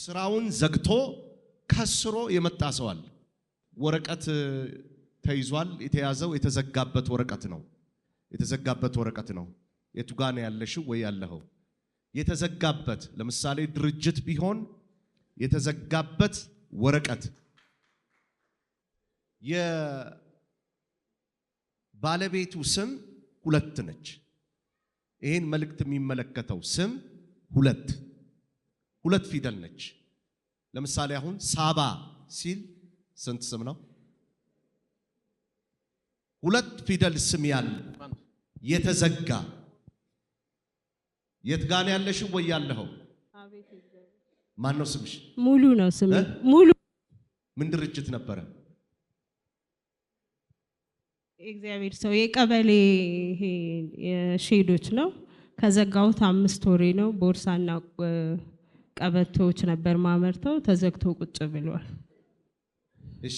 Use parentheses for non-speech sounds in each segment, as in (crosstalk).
ስራውን ዘግቶ ከስሮ የመጣ ሰው አለ። ወረቀት ተይዟል። የተያዘው የተዘጋበት ወረቀት ነው። የተዘጋበት ወረቀት ነው። ነው ያለሽው ወይ ያለኸው የተዘጋበት ለምሳሌ ድርጅት ቢሆን የተዘጋበት ወረቀት የባለቤቱ ስም ሁለት ነች። ይህን መልእክት የሚመለከተው ስም ሁለት ሁለት ፊደል ነች። ለምሳሌ አሁን ሳባ ሲል ስንት ስም ነው? ሁለት ፊደል ስም ያለ የተዘጋ የት ጋን ያለሽው ወይ ያለው? ማን ነው ስምሽ? ሙሉ ነው ስም ሙሉ። ምን ድርጅት ነበረ? እግዚአብሔር ሰው የቀበሌ ሼዶች ነው። ከዘጋሁት አምስት ወሬ ነው ቦርሳና ቀበቶዎች ነበር ማመርተው፣ ተዘግቶ ቁጭ ብሏል። እሺ፣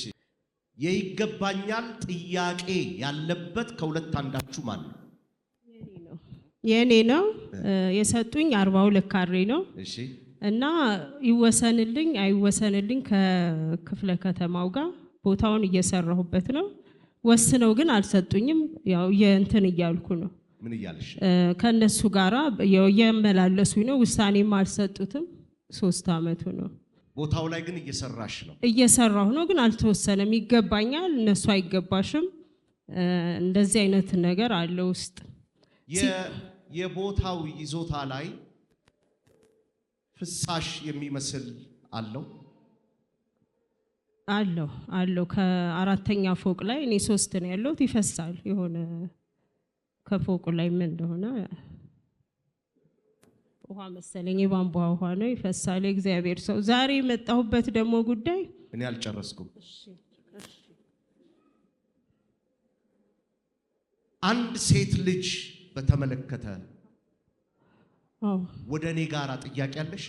የይገባኛል ጥያቄ ያለበት ከሁለት አንዳችሁ ማን ነው? የእኔ ነው የሰጡኝ፣ አርባ ሁለት ካሬ ነው። እሺ እና ይወሰንልኝ አይወሰንልኝ ከክፍለ ከተማው ጋር ቦታውን እየሰራሁበት ነው። ወስነው ግን አልሰጡኝም። ያው የእንትን እያልኩ ነው። ምን እያልሽ? ከእነሱ ጋራ የመላለሱኝ ነው። ውሳኔም አልሰጡትም። ሶስት አመቱ ነው። ቦታው ላይ ግን እየሰራሽ ነው? እየሰራሁ ነው፣ ግን አልተወሰነም። ይገባኛል፣ እነሱ አይገባሽም፣ እንደዚህ አይነት ነገር አለ ውስጥ የቦታው ይዞታ ላይ ፍሳሽ የሚመስል አለው አለው አለው ከአራተኛ ፎቅ ላይ እኔ ሶስት ነው ያለሁት ይፈሳል የሆነ ከፎቁ ላይ ምን እንደሆነ ውሃ መሰለኝ የቧንቧ ውሃ ነው ይፈሳል። የእግዚአብሔር ሰው ዛሬ የመጣሁበት ደግሞ ጉዳይ እኔ አልጨረስኩም። አንድ ሴት ልጅ በተመለከተ ወደ እኔ ጋር ጥያቄ አለሽ?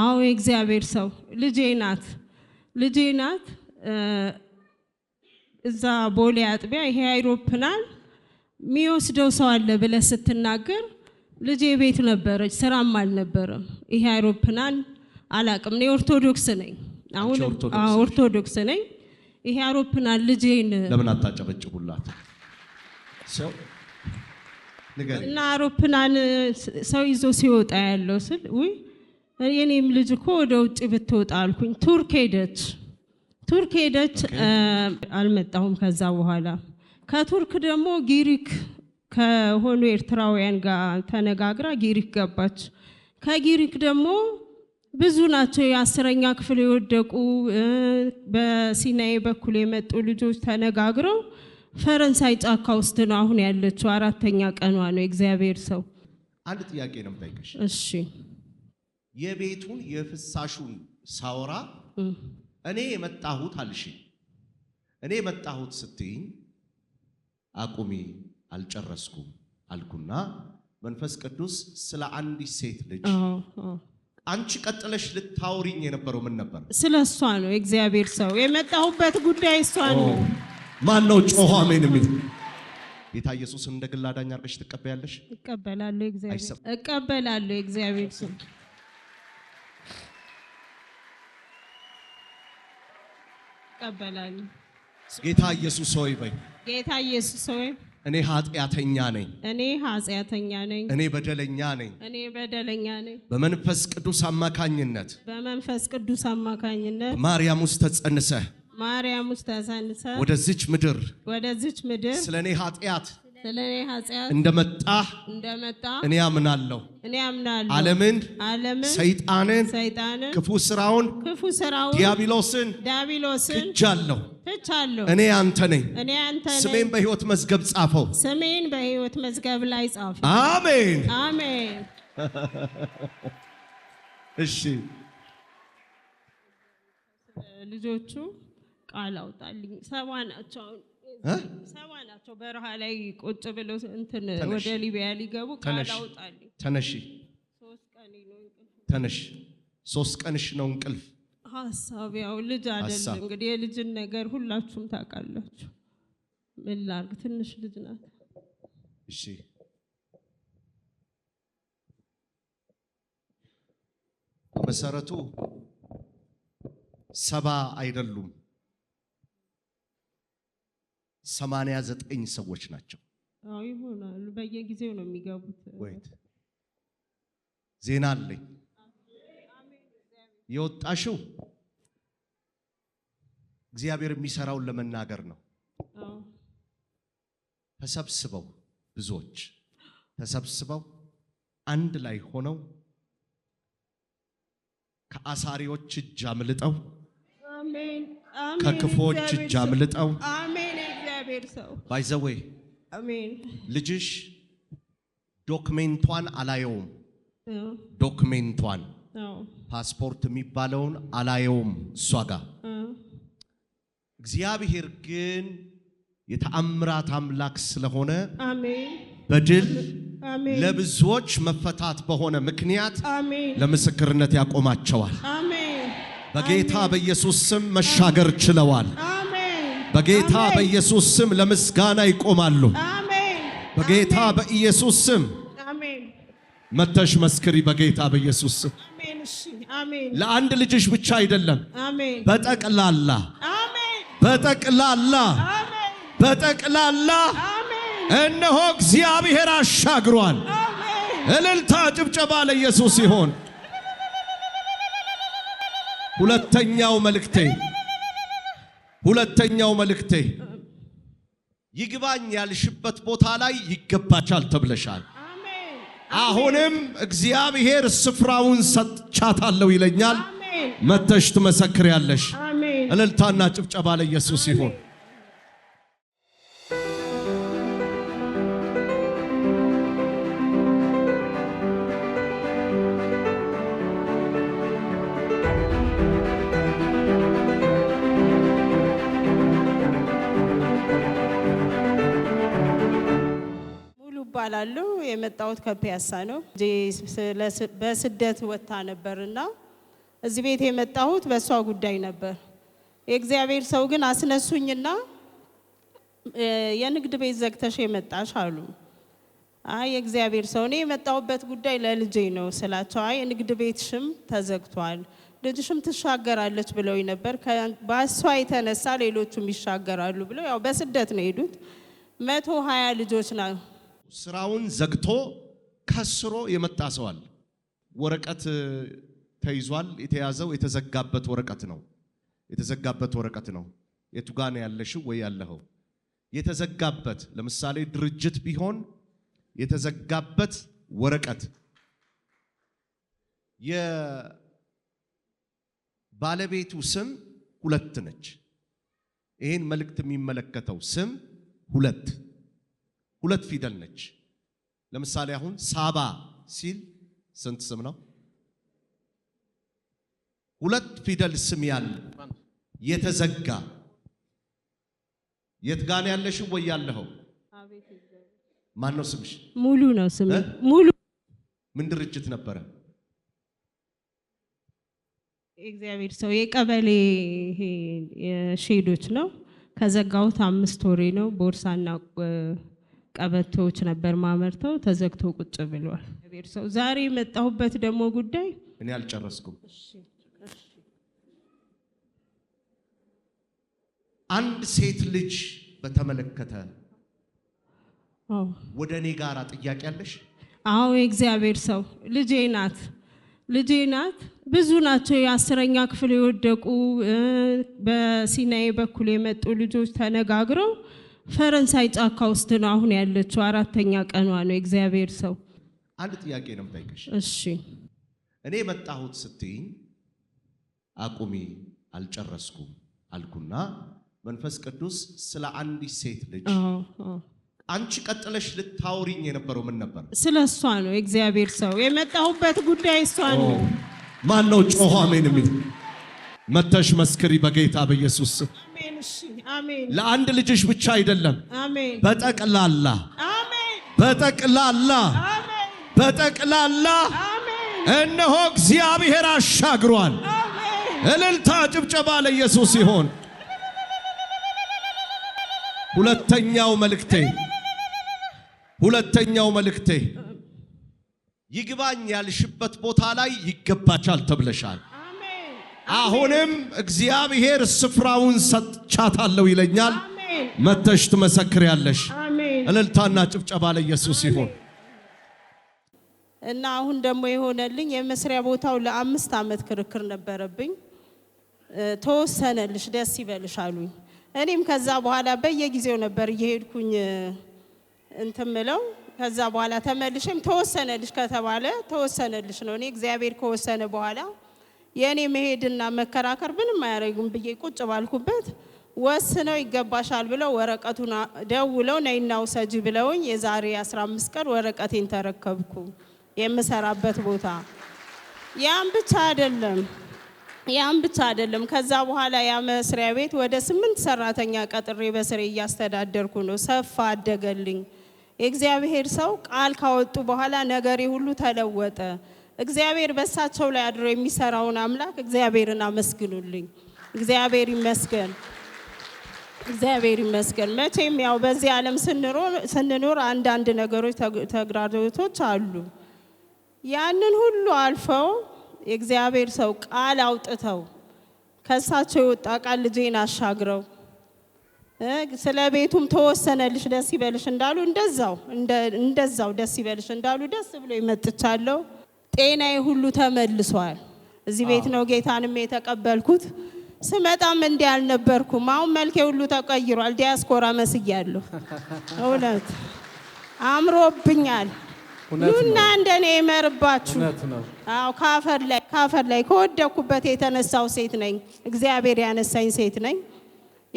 አዎ፣ የእግዚአብሔር ሰው ልጄ ናት፣ ልጄ ናት። እዛ ቦሌ አጥቢያ ይሄ አይሮፕላን የሚወስደው ሰው አለ ብለህ ስትናገር ልጄ ቤት ነበረች፣ ስራም አልነበረም። ይሄ አውሮፕላን አላቅም። እኔ ኦርቶዶክስ ነኝ፣ አሁን ኦርቶዶክስ ነኝ። ይሄ አውሮፕላን ልጄን ለምን አታጨበጭቡላት? እና አውሮፕላን ሰው ይዞ ሲወጣ ያለው ስል ውይ የኔም ልጅ እኮ ወደ ውጭ ብትወጣ አልኩኝ። ቱርክ ሄደች፣ ቱርክ ሄደች። አልመጣሁም ከዛ በኋላ ከቱርክ ደግሞ ጊሪክ ከሆኑ ኤርትራውያን ጋር ተነጋግራ ጊሪክ ገባች። ከጊሪክ ደግሞ ብዙ ናቸው የአስረኛ ክፍል የወደቁ በሲናይ በኩል የመጡ ልጆች ተነጋግረው ፈረንሳይ ጫካ ውስጥ ነው አሁን ያለችው። አራተኛ ቀኗ ነው። እግዚአብሔር ሰው አንድ ጥያቄ ነው የምጠይቅሽ። እሺ፣ የቤቱን የፍሳሹን ሳውራ እኔ የመጣሁት አልሽ። እኔ የመጣሁት ስትይኝ አቁሚ አልጨረስኩም አልኩና መንፈስ ቅዱስ ስለ አንዲት ሴት ልጅ አንቺ ቀጥለሽ ልታውሪኝ የነበረው ምን ነበር? ስለ እሷ ነው። እግዚአብሔር ሰው የመጣሁበት ጉዳይ እሷ ነው። ማን ነው ጮሆ አሜን የሚል? ጌታ ኢየሱስን እንደ ግል አዳኝ አድርገሽ ትቀበያለሽ? እቀበላለሁ። እግዚአብሔር እቀበላለሁ። እግዚአብሔር ሰው እቀበላለሁ። ጌታ ኢየሱስ ሆይ በይ። ጌታ ኢየሱስ ሆይ እኔ ኃጢአተኛ ነኝ፣ እኔ ኃጢአተኛ ነኝ፣ እኔ በደለኛ ነኝ፣ እኔ በደለኛ ነኝ። በመንፈስ ቅዱስ አማካኝነት በመንፈስ ቅዱስ አማካኝነት ማርያም ውስጥ ተጸንሰህ ማርያም ውስጥ ተጸንሰህ ወደዚች ምድር ወደዚች ምድር ስለ እኔ ኃጢአት ስለኔ ኃጢአት እንደመጣ እንደመጣ እኔ አምናለሁ እኔ አምናለሁ። ዓለምን ዓለምን ሰይጣንን ሰይጣንን ክፉ ስራውን ክፉ ስራውን ዲያብሎስን ዲያብሎስን ትቻለሁ ትቻለሁ። እኔ አንተ ነኝ እኔ አንተ ነኝ። ስሜን በሕይወት መዝገብ ጻፈው። ስሜን በሕይወት መዝገብ ላይ ጻፈው። አሜን አሜን። (laughs) እሺ ልጆቹ ቃል አውጣልኝ ሰባ ናቸው። ሰባ ናቸው። በረሃ ላይ ቁጭ ብሎ እንትን ወደ ሊቢያ ሊገቡ ቃል አውጣልኝ። ተነሺ፣ ተነሽ። ሶስት ቀንሽ ነው እንቅልፍ ሀሳብ ያው ልጅ አይደል እንግዲህ የልጅን ነገር ሁላችሁም ታውቃላችሁ። ምን ላድርግ ትንሽ ልጅ ናት። እሺ በመሰረቱ ሰባ አይደሉም ሰማንያ ዘጠኝ ሰዎች ናቸው። ይሆናሉ። በየጊዜው ነው የሚገቡት። ዜና አለኝ። የወጣሽው እግዚአብሔር የሚሰራውን ለመናገር ነው። ተሰብስበው ብዙዎች ተሰብስበው አንድ ላይ ሆነው ከአሳሪዎች እጅ አምልጠው ከክፎች እጅ አምልጠው እግዚአብሔር ሰው ባይዘዌ አሜን። ልጅሽ ዶክሜንቷን አላየውም። ዶክሜንቷን ፓስፖርት የሚባለውን አላየውም እሷ ጋር። እግዚአብሔር ግን የተአምራት አምላክ ስለሆነ በድል ለብዙዎች መፈታት በሆነ ምክንያት ለምስክርነት ያቆማቸዋል። በጌታ በኢየሱስ ስም መሻገር ችለዋል። በጌታ በኢየሱስ ስም ለምስጋና ይቆማሉ። በጌታ በኢየሱስ ስም መተሽ መስክሪ። በጌታ በኢየሱስ ስም ለአንድ ልጅሽ ብቻ አይደለም፣ በጠቅላላ በጠቅላላ በጠቅላላ እነሆ እግዚአብሔር አሻግሯል። እልልታ ጭብጨባ ለኢየሱስ ይሆን። ሁለተኛው መልእክቴ ሁለተኛው መልእክቴ ይግባኝ ያልሽበት ቦታ ላይ ይገባቻል ተብለሻል። አሁንም እግዚአብሔር ስፍራውን ሰጥቻታለሁ ይለኛል። መተሽ ያለሽ እልልታና ጭብጨባ ለኢየሱስ ይሁን። ይባላሉ። የመጣሁት ከፒያሳ ነው። በስደት ወጥታ ነበርና እዚህ ቤት የመጣሁት በእሷ ጉዳይ ነበር። የእግዚአብሔር ሰው ግን አስነሱኝና የንግድ ቤት ዘግተሽ የመጣሽ አሉ። አይ የእግዚአብሔር ሰው እኔ የመጣሁበት ጉዳይ ለልጄ ነው ስላቸው፣ አይ ንግድ ቤትሽም ተዘግቷል፣ ልጅሽም ትሻገራለች ብለው ነበር። በሷ የተነሳ ሌሎቹም ይሻገራሉ ብለው ያው በስደት ነው የሄዱት። መቶ ሀያ ልጆች ነው ስራውን ዘግቶ ከስሮ የመጣ ሰው አለ። ወረቀት ተይዟል። የተያዘው የተዘጋበት ወረቀት ነው። የተዘጋበት ወረቀት ነው። የቱጋ ነው ያለሽው ወይ ያለኸው? የተዘጋበት ለምሳሌ ድርጅት ቢሆን የተዘጋበት ወረቀት የባለቤቱ ስም ሁለት ነች። ይህን መልእክት የሚመለከተው ስም ሁለት ሁለት ፊደል ነች። ለምሳሌ አሁን ሳባ ሲል ስንት ስም ነው? ሁለት ፊደል ስም ያለ የተዘጋ የት ጋር ያለሽ ያለሽው? ወይ ያለኸው ማን ነው ስምሽ? ሙሉ ነው ስም ሙሉ። ምን ድርጅት ነበረ? እግዚአብሔር ሰው የቀበሌ ሼዶች ነው። ከዘጋሁት አምስት ወሬ ነው ቦርሳና ቀበቶዎች ነበር ማመርተው፣ ተዘግቶ ቁጭ ብሏል። ሰው ዛሬ የመጣሁበት ደግሞ ጉዳይ እኔ አልጨረስኩም። አንድ ሴት ልጅ በተመለከተ ወደ እኔ ጋር ጥያቄ አለሽ? አዎ፣ የእግዚአብሔር ሰው ልጄ ናት ልጄ ናት። ብዙ ናቸው የአስረኛ ክፍል የወደቁ በሲናዬ በኩል የመጡ ልጆች ተነጋግረው ፈረንሳይ ጫካ ውስጥ ነው አሁን ያለችው። አራተኛ ቀኗ ነው። እግዚአብሔር ሰው አንድ ጥያቄ ነው የምጠይቅሽ። እሺ እኔ መጣሁት ስትይኝ አቁሚ አልጨረስኩም አልኩና መንፈስ ቅዱስ ስለ አንዲት ሴት ልጅ አንቺ ቀጥለሽ ልታውሪኝ የነበረው ምን ነበር? ስለ እሷ ነው። እግዚአብሔር ሰው የመጣሁበት ጉዳይ እሷ ነው። ማን ነው ጮሆ አሜን የሚል መተሽ መስክሪ በጌታ በኢየሱስ ለአንድ ልጅሽ ብቻ አይደለም፣ በጠቅላላ በጠቅላላ በጠቅላላ እነሆ እግዚአብሔር አሻግሯል። እልልታ ጭብጨባ ለኢየሱስ ሲሆን ሁለተኛው መልእክቴ ሁለተኛው መልእክቴ ይግባኝ ያልሽበት ቦታ ላይ ይገባቻል ተብለሻል። አሁንም እግዚአብሔር ስፍራውን ሰጥቻታለሁ ይለኛል። መተሽ ትመሰክሪያለሽ። እልልታና ጭብጨባ ለኢየሱስ ይሁን እና አሁን ደግሞ የሆነልኝ የመስሪያ ቦታው ለአምስት ዓመት ክርክር ነበረብኝ። ተወሰነልሽ፣ ደስ ይበልሽ አሉኝ። እኔም ከዛ በኋላ በየጊዜው ነበር እየሄድኩኝ እንትምለው። ከዛ በኋላ ተመልሼም ተወሰነልሽ ከተባለ ተወሰነልሽ ነው። እኔ እግዚአብሔር ከወሰነ በኋላ የእኔ መሄድና መከራከር ምንም አያደርጉም ብዬ ቁጭ ባልኩበት ወስነው ይገባሻል ብለው ወረቀቱን ደውለው ነይና ውሰጂ ብለውኝ የዛሬ 15 ቀን ወረቀቴን ተረከብኩ የምሰራበት ቦታ። ያም ብቻ አይደለም ያም ብቻ አይደለም። ከዛ በኋላ ያ መስሪያ ቤት ወደ ስምንት ሰራተኛ ቀጥሬ በስሬ እያስተዳደርኩ ነው። ሰፋ አደገልኝ። የእግዚአብሔር ሰው ቃል ካወጡ በኋላ ነገሬ ሁሉ ተለወጠ። እግዚአብሔር በእሳቸው ላይ አድሮ የሚሰራውን አምላክ እግዚአብሔርን አመስግኑልኝ። እግዚአብሔር ይመስገን፣ እግዚአብሔር ይመስገን። መቼም ያው በዚህ ዓለም ስንኖር አንዳንድ ነገሮች ተግዳሮቶች አሉ። ያንን ሁሉ አልፈው የእግዚአብሔር ሰው ቃል አውጥተው ከእሳቸው የወጣ ቃል ልጄን አሻግረው ስለ ቤቱም ተወሰነልሽ ደስ ይበልሽ እንዳሉ እንደዛው እንደዛው ደስ ይበልሽ እንዳሉ ደስ ብሎ ይመጥቻለሁ። ጤናዬ ሁሉ ተመልሷል። እዚህ ቤት ነው ጌታንም የተቀበልኩት። ስመጣም እንዲህ አልነበርኩም። አሁን መልኬ ሁሉ ተቀይሯል። ዲያስፖራ መስያለሁ። (laughs) እውነት አምሮብኛል። ኑና እንደኔ ይመርባችሁ። አዎ ካፈር ላይ ካፈር ላይ ከወደኩበት የተነሳው ሴት ነኝ። እግዚአብሔር ያነሳኝ ሴት ነኝ።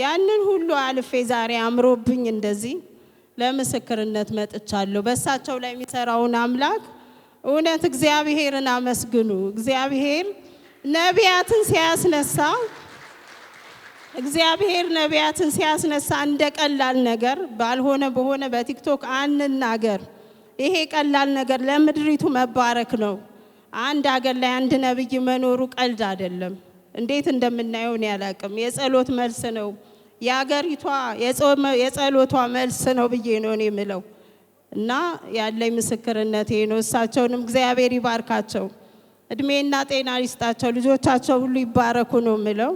ያንን ሁሉ አልፌ ዛሬ አምሮብኝ እንደዚህ ለምስክርነት መጥቻለሁ። በእሳቸው ላይ የሚሰራውን አምላክ እውነት እግዚአብሔርን አመስግኑ። እግዚአብሔር ነቢያትን ሲያስነሳ እግዚአብሔር ነቢያትን ሲያስነሳ እንደ ቀላል ነገር ባልሆነ በሆነ በቲክቶክ አንናገር። ይሄ ቀላል ነገር ለምድሪቱ መባረክ ነው። አንድ አገር ላይ አንድ ነቢይ መኖሩ ቀልድ አይደለም። እንዴት እንደምናየው እኔ አላቅም። የጸሎት መልስ ነው። የአገሪቷ የጸሎቷ መልስ ነው ብዬ ነው እኔ የምለው። እና ያለኝ ምስክርነት ይሄ ነው። እሳቸውንም እግዚአብሔር ይባርካቸው፣ እድሜና ጤና ይስጣቸው፣ ልጆቻቸው ሁሉ ይባረኩ ነው የምለው።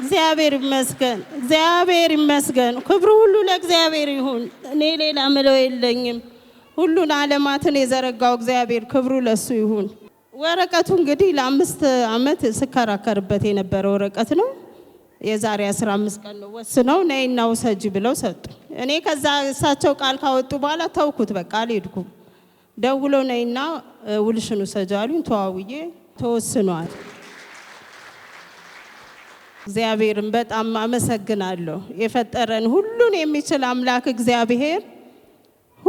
እግዚአብሔር ይመስገን፣ እግዚአብሔር ይመስገን። ክብሩ ሁሉ ለእግዚአብሔር ይሁን። እኔ ሌላ ምለው የለኝም። ሁሉን ዓለማትን የዘረጋው እግዚአብሔር ክብሩ ለሱ ይሁን። ወረቀቱ እንግዲህ ለአምስት ዓመት ስከራከርበት የነበረ ወረቀት ነው። የዛሬ 15 ቀን ነው ወስነው ነይና ውሰጂ ብለው ሰጡ። እኔ ከዛ እሳቸው ቃል ካወጡ በኋላ ተውኩት፣ በቃ አልሄድኩም። ደውሎ ነይና ውልሽን ውሰጂ አሉኝ። ተዋውዬ ተወስኗል። እግዚአብሔርን በጣም አመሰግናለሁ። የፈጠረን ሁሉን የሚችል አምላክ እግዚአብሔር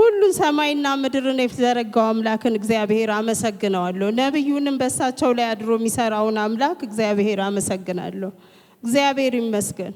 ሁሉን ሰማይና ምድርን የተዘረጋው አምላክን እግዚአብሔር አመሰግነዋለሁ። ነቢዩንም በሳቸው ላይ አድሮ የሚሰራውን አምላክ እግዚአብሔር አመሰግናለሁ። እግዚአብሔር ይመስገን።